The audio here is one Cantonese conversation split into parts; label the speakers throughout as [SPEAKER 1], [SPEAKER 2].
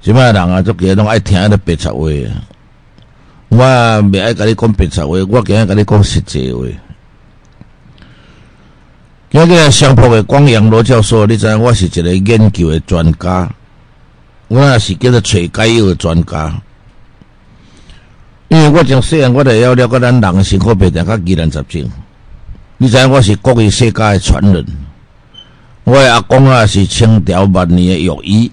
[SPEAKER 1] 什麼人啊？做幾攏愛聽迄個白賊話啊！我未愛甲你講白賊話，我今日甲你講實際話。今日啊，香蒲嘅光陽羅教授，你知影？我是一個研究的專家，我也是叫做找解藥的專家。因為我從細，我就要了解咱人嘅生活病態甲疑難雜症。你知影？我是國醫世家的傳人，我的阿公啊是清朝末年的御醫。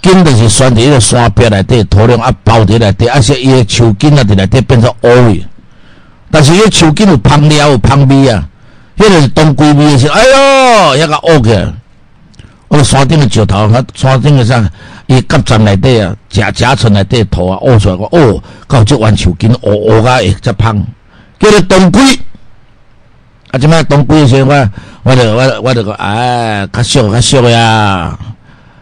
[SPEAKER 1] 根就是穿在個山壁內底，土壤啊包在內底，啊是伊個樹根啊佇內底變成烏去。但是伊樹根有芳料有芳味啊，迄個是當歸味，先哎喲，一、那個烏嘅。我山頂嘅石頭，山頂嘅啥，伊甲層內底啊，食食層內底土啊烏出來個哦，到即款樹根烏烏甲會遮芳。叫做當歸。啊冬時，即賣當歸先我我著我我著講，哎，較俗較俗啊。